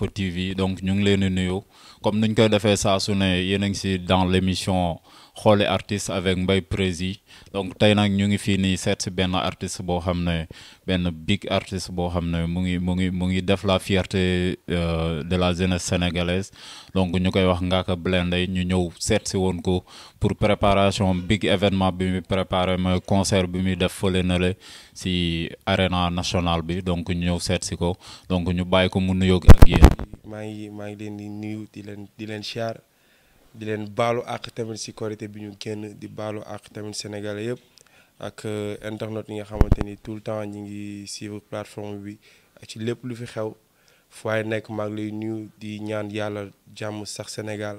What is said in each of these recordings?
Alwafa TV donc ñu ngi leen di nuyu comme nuñ koy defee saa su yéen a ngi si dans l' émission xoole artiste avec Mbaye Prési donc tey nag ñu ngi fii nii seet si benn artiste boo xam ne benn big artist boo xam ne mu ngi mu ngi mu ngi def la fierté euh, de la jeunesse sénégalaise donc ñu koy wax Ngaaka Blindé ñu ñëw seet si woon ko pour préparation big événement bi mu préparé mooy concert bi muy def fële na le si arena national bi donc ñu ñëw seet si ko donc ñu bàyyi ko mu nuyoog ak yéen. maa di len baalu ak tamit si korité bi ñu génn di baalu ak tamit sénégalais yëpp ak euh, internet yi nga xamanteni tout temps ñi ngi suivre plateforme bi ci lépp lu fi xew fooy nekk maa lay nuyu di ñaan yàlla jàmm sax Sénégal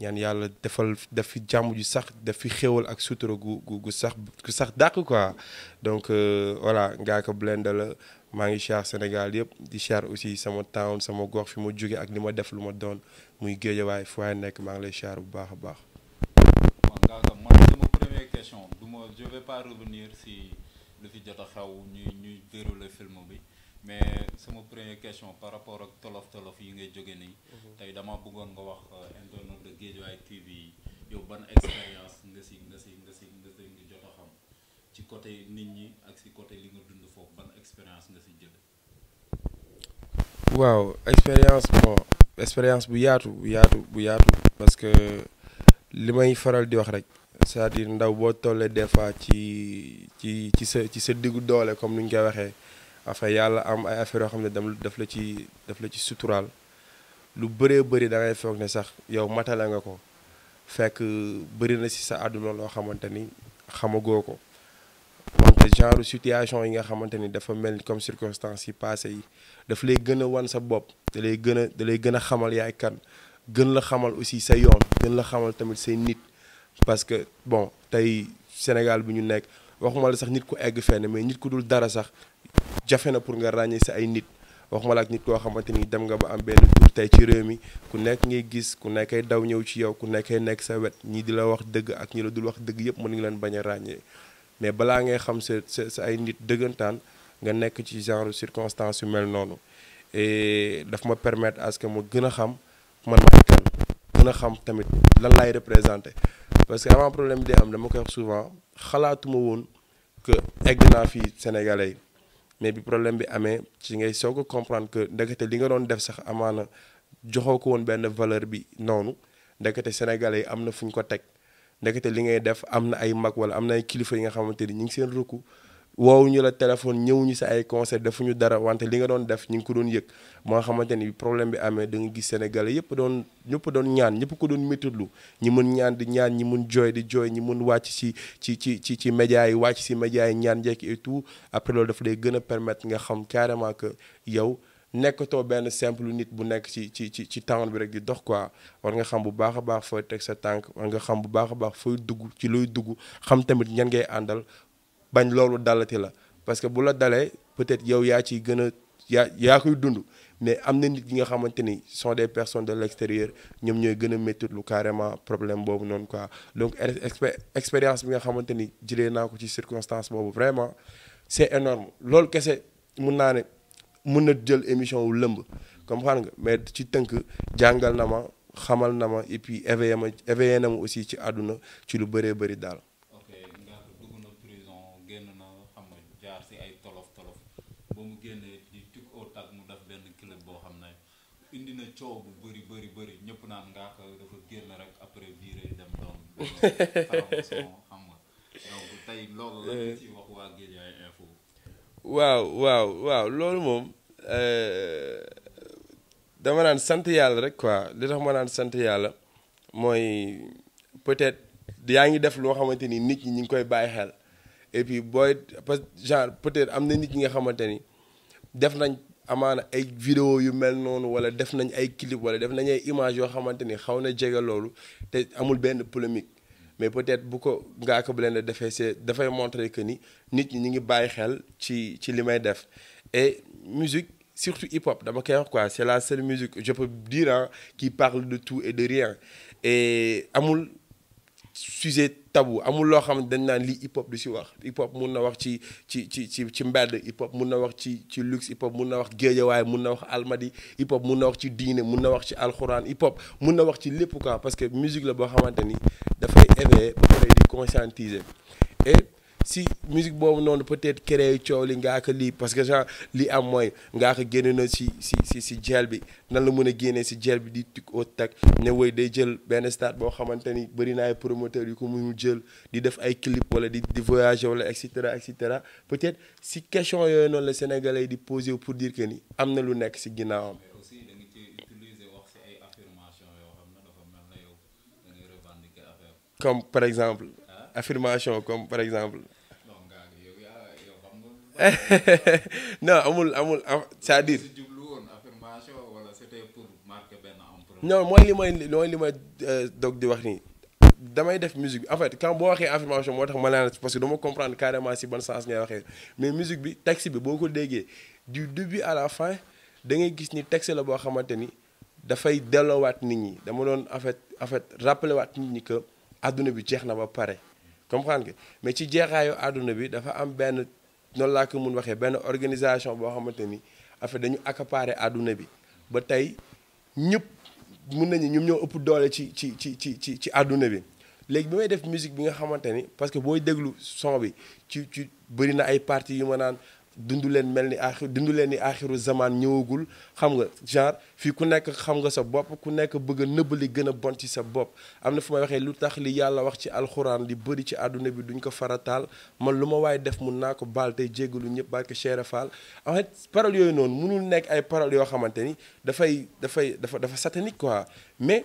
ñaan yàlla defal def fi jàmm ju sax def fi xéwal ak sutura gu gu sax gu sax dàq quoi donc euh, voilà ko Blindé la maa ngi Senegal, Sénégal aussi sama town sama fi ma jóge ak li ma def je doon muy mon je première question je vais pas revenir si le vidéo film bi mais sama première question par rapport ak tolof tolof yi mhm. euh, de de TV yow expérience nga côté nit ñi ak ci côté li nga dund waaw expérience bon expérience bu yaatu bu yaatu bu yaatu parce que li may faral di wax rek sa à ndaw boo tollee des fois ci ci ci sa ci sa diggu doole comme ni ñu koy waxee affaire yàlla am ay affaire yoo xam ne dam daf la ci daf la ci suturaal lu bëree bëri da ngay foog ne sax yow matale nga ko fekk bëri na si sa àdduna loo xamante ni xamagoo ko donc genre situation yi nga xamante ni dafa mel comme circonstances yi passé yi daf lay gën a wan sa bopp da lay gën a da gën a xamal yaay kan gën la xamal aussi sa yoon gën la xamal tamit say nit parce que bon tey Sénégal bi ñu nekk waxuma la sax nit ku egg fenn mais nit ku dul dara sax jafe na pour nga ràññee sa ay nit waxuma la ak nit koo xamante ni dem nga ba am benn tur tey ci réew mi ku nekk ngay gis ku nekkay daw ñëw ci yow ku nekkay nekk sa wet ñii di la wax dëgg ñi la dul wax dëgg yëpp mën nga leen bañ a ràññee mais balaa ngay xam c'est c'est ay nit dëggantaan nga nek ci genre circonstance yu mel et daf ma permettre à ce que ma gën xam man maay kan gëna xam tamit lan lay représenter parce que avant problème bi day am dama koy wax souvent xalaatuma won que egg naa fii sénégalais mais bi problème bi amé ci ngay soog comprendre que ndekete li nga doon def sax amana joxoko won ben valeur bi nonou ndekete sénégalais amna am ko tek ndekete li ngay def am na ay mag wala am na ay kilifa yi nga xamante ni ñu ngi seen rëkku woowu ñu la téléphone ñëwuñu si ay conseil defuñu dara wante li nga doon def ñu ngi ko doon yëg moo xamante ni problème bi amee da gis sénégalais yëpp doon ñëpp doon ñaan ñëpp ko doon métitlu ñi mën ñaan di ñaan ñi mën jooy di jooy ñi mën wàcc ci ci ci ci ci média yi wàcc si média yi ñaan njekki et tout après loolu dafa lay gën a permettre nga xam carrément que yow nekkatoo benn simple nit bu nekk ci ci ci ci town bi rek di dox quoi war nga xam bu baax a baax fooy teg sa tànk war nga xam bu baax a baax fooy dugg ci luy dugg xam tamit ñan ngay àndal bañ loolu dalati la parce que bu la dalee peut-être yow yaa ciy gën a yaa yaa koy dund mais am na nit ñi nga xamante ni sont des personnes de l'extérieur ñoom ñooy gën a méttitlu carrément problème boobu noonu quoi donc expérience bi nga xamante ni jëlee naa ko ci circonstance boobu vraiment c'est énorme loolu kese mun naa ne mën na jël émission wu lëmb comme xam nga mais ci tënk jàngal na ma xamal na ma et puis ma éveillé na ma aussi ci àdduna ci lu bëree bëri daal. ok nga génn na xam jaar si ay tolof tolof mu génnee ci tuk au xam ne indi bëri ñëpp naan nga ko dafa génn euh. waaw waaw waaw loolu moom. Euh, dama naan sant yàlla rek quoi li tax ma naan sant yàlla mooy peut-être yaa ngi def loo xamante ni nit ñi ñu ngi koy bàyyi xel et puis booy parce que genre peut-être am na nit ñi nga xamante ni def nañ amaan ay vidéo yu mel noonu wala def nañ ay clip wala def nañu ay image yoo xamante ni xaw na jege loolu te amul benn polémique mais peut-être bu ko Ngaaka Blindé defee c'est dafay montrer que ni nit ñi ñu ngi bàyyi xel ci ci li may def Et musique, surtout hip-hop, quoi. C'est la seule musique, je peux dire, hein, qui parle de tout et de rien. Et Amoul, sujet tabou amul loo xam dañ naan lii hip hop du si wax hip hop mun na wax ci ci ci ci ci mbedd hip hop mun na wax ci ci luxe hip hop mun na wax géejawaay mun na wax almadi hip hop mun na wax ci diine mun na wax ci alxuraan hip hop mun na wax ci lépp quoi parce que musique la boo xamante ni dafay élever pour les conscientiser et si musique est non peut-être créer coow li ko parce que genre li am moy nga ko génne na si si si si bi nan la mëna ci bi di tuk au tak né woy day stade bo bari na ay promoteur yu ko mënu di def ay clip wala di di voyager wala etc etc peut-être si question yooyu non le sénégalais di poser pour dire que ni amna lu nekk si comme par exemple hein? affirmation comme par exemple non amul amul c'est-à-dire. non moi li may li may euh, dog di wax ni damay def musique en fait quand bo waxee affirmation motax parce que dama comprendre carrément si bon sens ngay la mais musique bi texte bi boko ko du début à la fin da ngay gis ni texte la nit ñi dama en fait en fait rappeler waat nit ñi que aduna bi jeex na ba comprendre nga mais ci aduna bi am noonu laa ko mun waxee benn organisation boo xamante ni affaire dañu accaparer àdduna bi ba tey ñëpp mun nañu ñoom ñoo ëpp doole ci ci ci ci ci ci àdduna bi léegi bi may def musique bi nga xamante ni parce que booy déglu son bi ci ci bëri na ay parties yu ma naan dundu leen mel ni axir dundu leen ni axiru zamaan ñëwagul xam nga genre fii ku nekk xam nga sa bopp ku nekk bëgg a nëbb li gën a bon ci sa bopp am na fu may waxee lu tax li yàlla wax ci alxuraan li bëri ci àdduna bi duñ ko farataal man lu ma waaye def mun naa ko baal tey jéggalu ñëpp barke Cheikh Fall en fait paroles yooyu noonu munul nekk ay paroles yoo xamante ni dafay dafay dafa dafa satanique quoi mais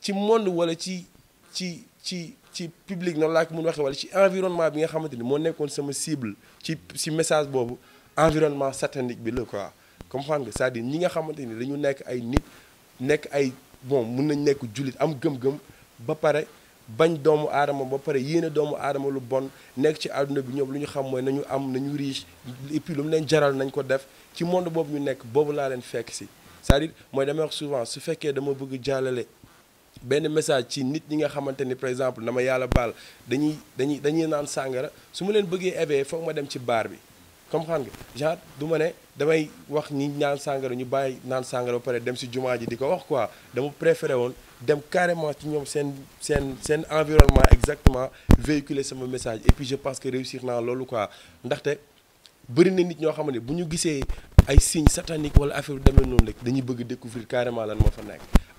ci monde wala ci ci ci ci public non laa ko mun waxee wala ci environnement bi nga xamanteni mo moo sama cible ci ci message bobu environnement satanique bi le quoi comprendre nga c'est-à-dire ñi nga xamanteni dañu nekk ay nit nekk ay bon mun nañ nekk julit am gëm-gëm ba paré bañ doomu adama ba paré yéene doomu adama lu bon nekk ci aduna bi ñoom lu ñu xam mooy nañu am nañu riche et puis lu mu leen jaral nañ ko def ci monde bobu ñu nekk bobu la leen fekk si c'est-à-dire moy dama wax souvent su fekkee dama bëgg jàllale benn message ci nit ñi nga xamante ni par exemple na ma yàlla baal dañuy dañuy dañuy naan sàngara su ma leen bëggee éveiller foog ma dem ci baar bi comme xam nga genre du ne damay wax ñi naan sàngara ñu bàyyi naan sàngara ba pare dem si jumaa ji di ko wax quoi dama préféré woon dem carrément ci ñoom seen seen seen environnement exactement véhiculer sama message et puis je pense que réussir naa loolu quoi ndaxte bëri na nit ñoo xam ne bu ñu gisee ay signes sataniques wala affaire demee noonu rek dañuy bëgg découvrir carrément lan moo fa nekk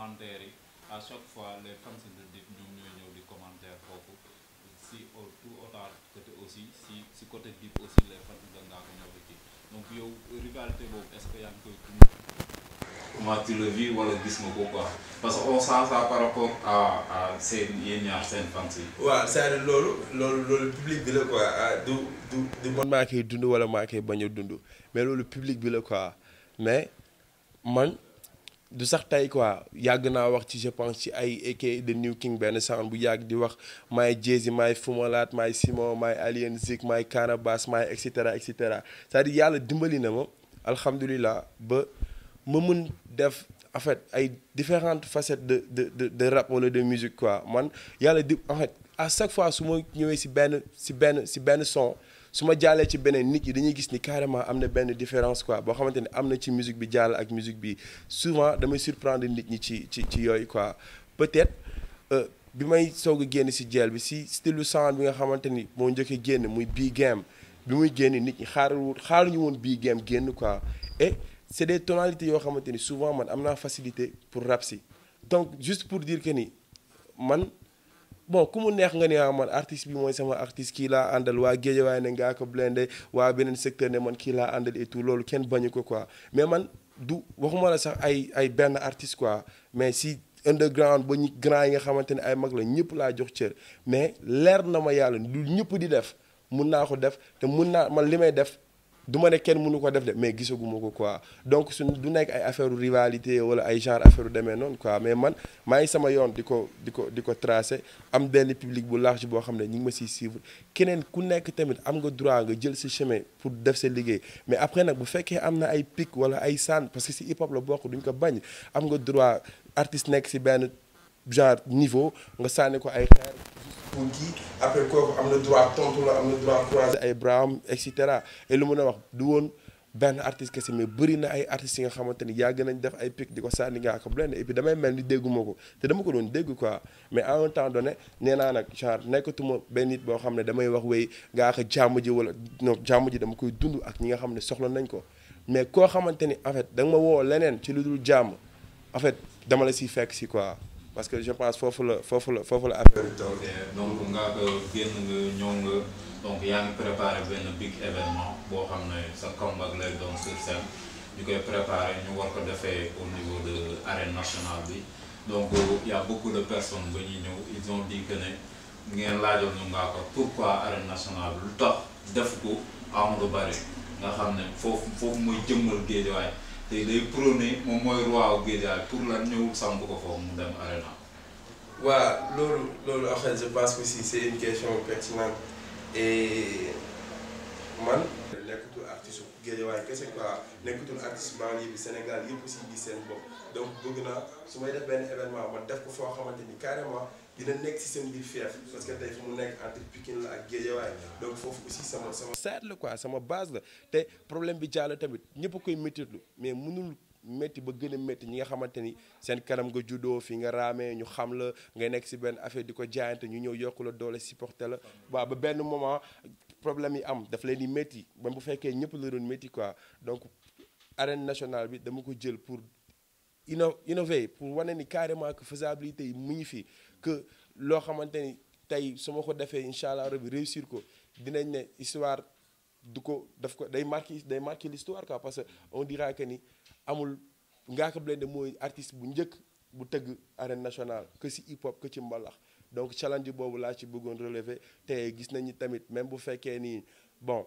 commentaires à chaque fois les fans de Dip ñoom ñooy ñëw di commentaire foofu si au tout autant côté aussi si si côté dit aussi les fans de Ngaka ñoo ko ci donc yow rivalité boobu est-ce que yaa ngi koy comment tu le vis wala gis nga quoi parce que on sent ça par rapport à à ces yéen ces seen fans ouais c'est-à-dire le public bi le quoi ah, du du du. bon maa koy ou wala marqué koy bañ mais le public bi le quoi mais man. du sax tey quoi yàgg naa wax ci je pense ci ay aka de New King benn sound bu yàgg di wax may Jay-Z maay Fumalaat maay Simon maay Alien Zik maay Canabasse maay et cetera et cetera cest yàlla dimbali na ma alhamdulilah ba ma mën def en fait ay différentes facettes de de de de rap wala de musique quoi man yàlla di en à chaque fois su ma ñëwee ci ben ci ben ci ben son suma ma ci benen nit yi dañuy gis ni carrément am ben différence quoi bo xamanteni amna ci musique bi jall ak musique bi souvent damay surprendre nit ñi ci ci ci yooyu quoi peut-être euh, bi may soog a génn si jeel bi si stylu sound bi nga xamanteni mo ñëkke njëkk génn muy bii game bi muy génn nit ñi xaaru xaaruñu won bii game génn quoi et c'est des tonalités yo xamanteni souvent man amna facilité pour rap si donc juste pour dire que ni man. bon ku mu neex nga ne ah man artiste bi mooy sama artiste kii laa àndal waa Géejawaay ne ngaa ko blende waa beneen secteur ne man kii laa àndal et tout loolu kenn bañu ko quoi mais man du waxuma la sax ay ay benn artiste quoi mais si underground ba ñu grand yi nga xamante ne ay mag la ñëpp laa jox cër mais leer na ma yàlla lu ñëpp di def mun naa ko def te mun naa man li may def. Je ne kenn ko def mais gisaguma quoi donc du nekk ay affaire rivalité wala ay genre affaire de quoi mais man maa sama yoon di ko tracé am public bu large boo xam ne ngi ma siy suivre keneen ku nekk tamit droit chemin pour def mais après nag bu fekkee am ay pic wala parce que si hip hop la bokk duñ ko bañ am nga droit artiste nekk genre niveau nga sànni ko ay pour kii après kooku am na droit tontu la am na droit croiser ay braam et cetera lu mun a wax du woon benn artiste kese mais bëri na ay artistes yi nga xamante ni yàgg nañ def ay pic di ko sànni ngaa ko blende et puis damay mel ni dégguma ko te dama ko doon dégg quoi mais en un temps donné nee naa nag genre nekkatuma benn boo xam ne damay wax wéy ngaa ko jàmm ji wala non jàmm ji dama koy dund ak ñi nga xam ne soxla nañ ko mais koo xamante ni en fait da ma wow leneen ci lu dul jàmm en fait dama la siy fekk si quoi parce que je pense qu'il faut foofu la donc nga avons nga donc ngi préparé un big événement pour xam sa combat lay ce sur scène Nous avons préparé un war ko fait au niveau de l'arène nationale Donc, il y a beaucoup de personnes qui ils ont dit que nous ngeen dit ñu ngaa pourquoi arène nationale bi lu tax def ko Amadou Barry nga faut que nous nous jëmmal géejawaay tey day prôné moom mooy roi wu Guédiawaye pour lan ñëwul sàmp ko foofu mu dem arena waaw loolu loolu en fait je pense que si c'est une question pertinente et man nekkatul artiste Guédiawaye kese bi Sénégal yëpp aussi gis seen bopp donc bëgg naa su may def benn événement ma def ko foo xamante ni carrément dina nekk si seen biir fief parce que tey fu mu nekk entre Pikine la ak Guédiawaye donc foofu aussi sama sama. seet la quoi sama base la te problème bi jàll tamit ñëpp koy méttitlu mais mënul métti ba gën a métti ñi nga xamante ni seen kanam nga juddoo fi nga raamee ñu xam la nga nekk si benn affaire di ko jaayante ñu ñëw yokk doole supporter la waaw ba benn moment problème yi am daf leen di métti ba bu fekkee ñëpp la doon métti quoi donc arène national bi dama ko jël pour inno innover pour wane ni carrément que faisabilité yi mu ngi fii que loo xamante ni tey su ma ko defee incha allah rabi réussir ko dinañ ne histoire du ko daf ko day marqué day marqué l'histoire quoi parce que on dira que ni amul Ngaaka Blindé mooy artiste bu njëkk bu tëgg arène nationale que si hip hop que ci mbalax donc challenge boobu laa ci bëggoon relever te gis nañu tamit même bu fekkee nii bon.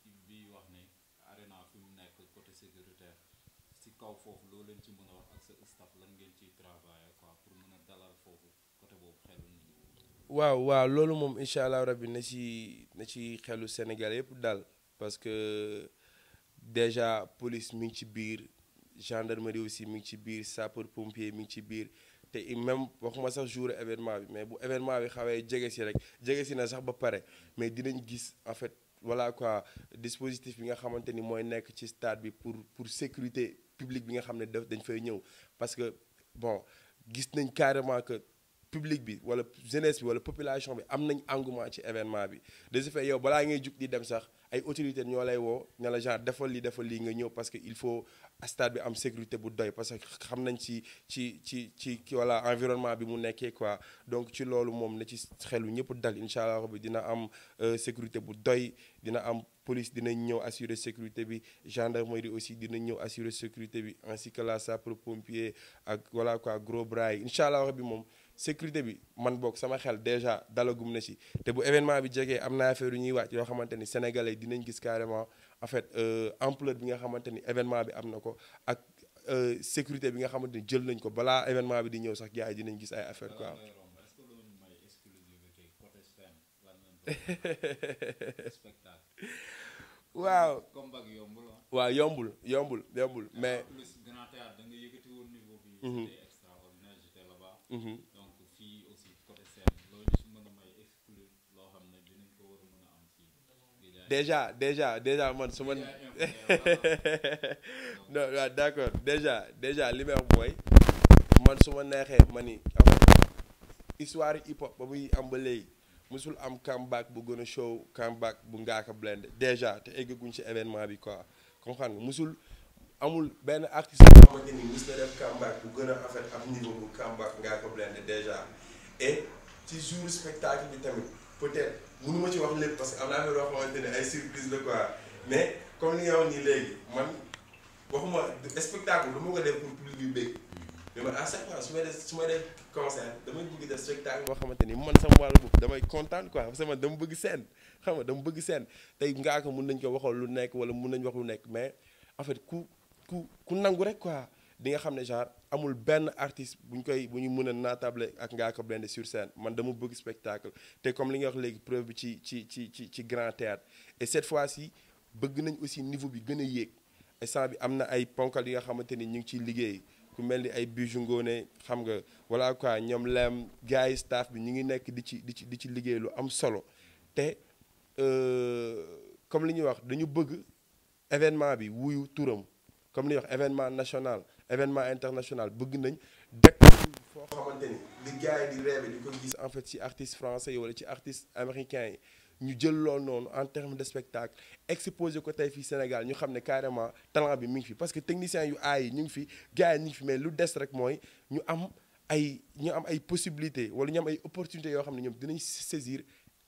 côté sécuritaire si kaw foofu loo leen ci mën a wax ak sa staff lan ngeen ciy travailler quoi pour waaw waaw loolu moom incha allah rabbi na ci ci xelu Sénégal yëpp daal parce que déjà police mi ngi ci biir gendarmerie aussi mi ngi ci biir sapeur pompier mi ngi ci biir te même waxuma sax jour événement bi mais bu événement bi xawee jege si rek jege si na sax ba pare mais dinañ gis en fait. voilà quoi dispositif bi nga xamanteni ni nek ci stade bi pour pour sécurité publique bi nga xamné dañ fay ñëw parce que bon gis nañ carrément que public bi wala jeunesse bi wala population bi am nañ engouement ci événement bi des ce yow balaa ngay juk di dem sax ay autorités ñoo lay woo ne defal defal nga parce que il faut stade bi am sécurité bu doy parce que xam nañ ci ci ci ci voilà environnement bi mu quoi donc ci loolu moom na ci xelu ñëpp dal dina am euh, sécurité bu doy dina am police dina ñëw assurer sécurité bi gendarmerie aussi dina ñëw assurer sécurité ainsi que la ça pompier ak voilà quoi gros braille inshallah incha sécurité bi man bok sama xel déjà dans na si te bu événement bi djégé amna affaire ñuy wacc yo sénégalais dinañ gis carrément en fait euh, ampleur bi nga xamanteni événement bi ko ak euh, sécurité bi nga xamanteni nañ ko événement bi di ñëw sax dinañ ay affaire quoi. waaw hein? waaw yombul yombul yombul mais. déjà déjà déjà man suma ma non waaw d'accord déjà déjà li may neexee ma ni histoire hip hop ba muy am ba léegi musul am comeback bu gën a show comeback bu Ngaaka Blindé déjà te eggaguñ ci événement bi quoi comme xam nga musul amul benn artiste boo xamante bu gën a am niveau bu comeback Ngaaka Blindé déjà et ci jour spectacle bi tamit peut-être mënuma ci wax lépp parce que am na affaire yoo xamante ne ay surprise la quoi mais comme li nga wax nii léegi man waxuma spectacle du ma ko def pour public yu bëgg mais man su may def su may def concert damay xamante ni man sama wàllu bopp damay kontaan quoi parce que man dama bëgg seen xam nga dama bëgg seen tey ngaa ko mun nañ koo waxool lu nekk wala mun nañ wax lu nekk mais en fait ku ku ku nangu rek quoi di nga xamné genre amul ben artiste buñ koy buñu mëna natable ak nga ko Ngaaka sur scène man dama bëgg spectacle te comme li nga wax légui preuve bi ci ci ci ci ci grand théâtre et cette fois-ci bëgg nañ aussi niveau bi gëna a ay instant bi amna ay ponkal yi nga xamante ni ñu ngi ci liggéey ku melni ay Bijou ngone xam nga voilà quoi ñom lem gars staff bi ñi ngi nekk di ci di ci di ci liggéey lu am solo te euh, comme li ñu wax dañu bëgg événement bi wuyu turam comme li wax événement national événement international bëgg nañ dëkk foo xamante li en fait ci artiste français yi wala ci artiste américain avons ñu en termes de spectacle exposé ko côté du Sénégal ñu avons carrément talent bi mi ngi parce que les techniciens sont là, ñu ngi fi gars yi ñu fi mais lu des rek ñu am ay ñu am possibilités wala ñu am ay opportunités yoo nous ne saisir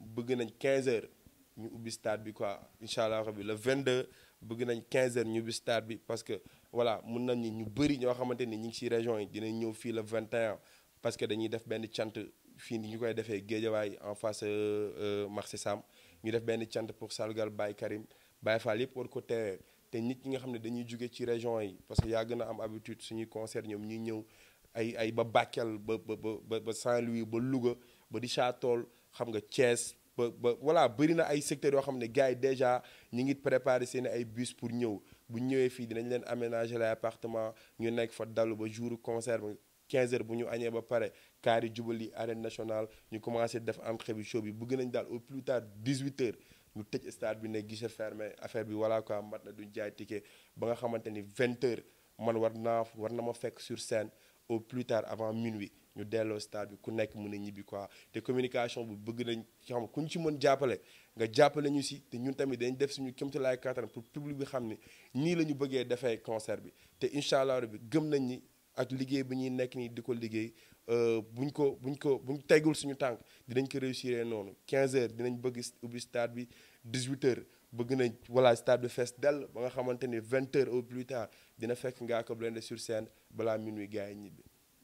bëgg nañ 15 heures ñu ubbi stade bi quoi inshallah allah rabbi le 22 bëgg nañ 15 heures ñu ubbi stade bi parce que voilà mën nañ ñu bëri ñoo xamante ni ñu ngi ci région yi dinañ ñëw fii le 21 parce que dañuy def benn cant fii ni ñu koy defee Géejawaay en face euh, euh, marché Sam ñu def benn cant pour salgal Baye Karim Baye Fall yëpp war ko teewee te nit ñi nga xam ne dañuy jóge ci région yi parce que yaa gën a am habitude suñuy concert ñoom ñuy ñëw ay ay ba Bakel ba ba ba ba Saint-Louis ba Louga ba di Châtol xam nga Thiès ba voilà na ay secteur yoo xam déjà préparé seen bus pour ñëw bu ñëwee fii dinañ leen aménager nous appartement ñu nekk fa dalu ba jour concert ba 15 h bu ñu añee ba pare à jubali arène nationale ñu commencé def bi show au plus tard 18 heures ñu tëj stade bi ne guichet fermé affaire bi voilà quoi ticket ba nga 20 h man war naa sur scène au plus tard avant minuit ñu stade bi ku communication bu bëgg nañ xam ku ci mën nga ñu ñun tamit dañ pour public bi la défé concert bi té inshallah rabbi gëm nañ ni ak liggéey ñuy nekk nii euh, buñ ko buñ ko buñ suñu 15 heures bëgg stade 18 heures bëgg voilà stade de fest ba nga 20 heures au plus tard dina fekk ko blende sur scène balaa minuit gars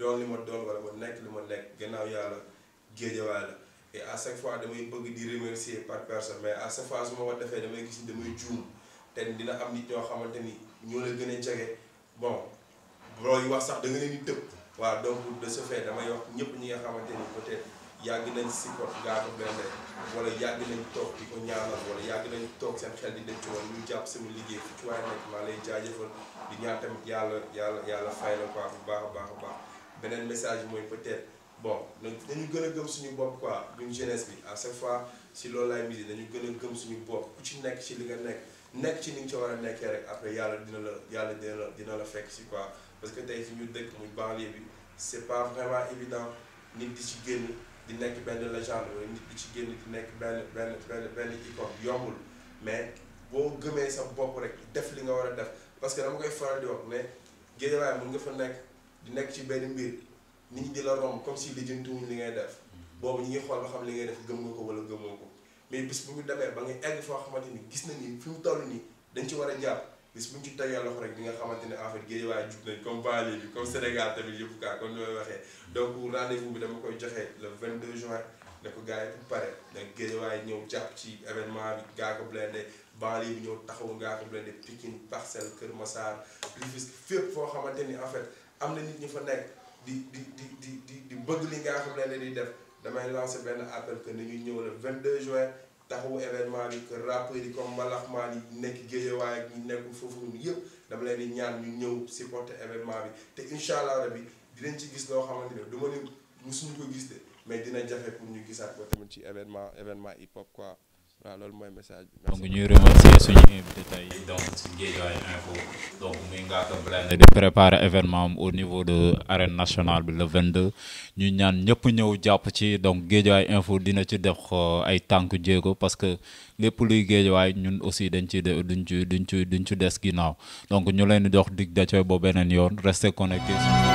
doon li ma doon wala ma nekk li ma nekk gannaaw yàlla géejawaay la et à chaque fois damay bëgg di remercier par personne mais à chaque fois ma ko defee damay gis ni damay juum te dina am nit ñoo xamante ni ñoo la gën a jege bon bro yi wax sax da nga leen di tëb de ce fait damay ñëpp ñi nga xamante ni peut-être yàgg nañ si kot Ngaaka Blindé wala yàgg nañ toog di ko ñaanal wala yàgg nañ toog seen xel di dem ci woon ñu jàpp sama liggéey fu ci waaye nekk maa lay jaajëfal di ñaan tamit yàlla yàlla yàlla fay la quoi bu baax a baax baax beneen message mooy peut-être bon dañu gën a gëm suñu bopp quoi ñun jeunesse bi à chaque fois si loolu laay misé dañu gën a gëm suñu bopp ku ci nekk ci li nga nekk nekk ci ni nga ci war a nekkee rek après yàlla dina la yàlla dina la dina la fekk si quoi parce que tey suñu dëkk muy banlieue bi c'est pas vraiment évident nit di ci génn di nekk benn légende wala nit di ci génn di nekk benn benn benn benn icône yombul mais boo gëmee sa bopp rek def li nga war a def parce que dama koy faral di wax ne Guédiawaye mën nga fa nekk. di nekk ci benn mbir nit ñi di la romb comme si lijjantiwuñ li ngay def boobu ñu ngi xool ba xam li ngay def gëm nga ko wala gëmoo ko mais bis bu ñu demee ba nga egg foo xamante ni gis na ni fi mu toll nii dañ ci war a jàpp bis bu ñu ci tegee loxo rek di nga xamante ni en fait Guédiawaye jug nañ comme Bale bi comme Sénégal tamit yëpp kaa comme ni waxee donc rendez-vous bi dama koy joxe le de juin ne ko gars yi bu pare nag Guédiawaye ñëw jàpp ci événement bi Ngaaka Blindé Bale bi ñëw taxawu Ngaaka Blindé Pikine Parcelles Kër Massar Rufisque fépp foo xamante ni en fait am na nit ñu fa nekk di di di di di di bëgg li nga xam ne leen di def damay lancer benn appel que nañu ñëw vingt 22 juin taxawu événement bi que rappeurs yi comme nekk Géejawaay waaye ñi nekkul foofu yëpp dama leen di ñaan ñu ñëw supporter événement bi te incha allah rabi dinañ ci gis loo xamante ne du ma ne musuñu ko gis de mais dina jafe pour ñu gisaat ko tamit ci événement événement hip hop quoi. loolu mooy message bi. donc ñuy remercier suñu invité tey donc ci Guédiawaye Info donc muy Ngaaka Blindé di événement au niveau de arène nationale bi le deux ñu ñaan ñëpp ñëw jàpp ci donc géej waay Info dina ci def euh, ay tànk jéego parce que lépp luy géej Guédiawaye ñun aussi dañ ci de duñ ci duñ ci duñ ci des ginnaaw donc ñu leen di dox dig dacooy ba beneen yoon restez connectés.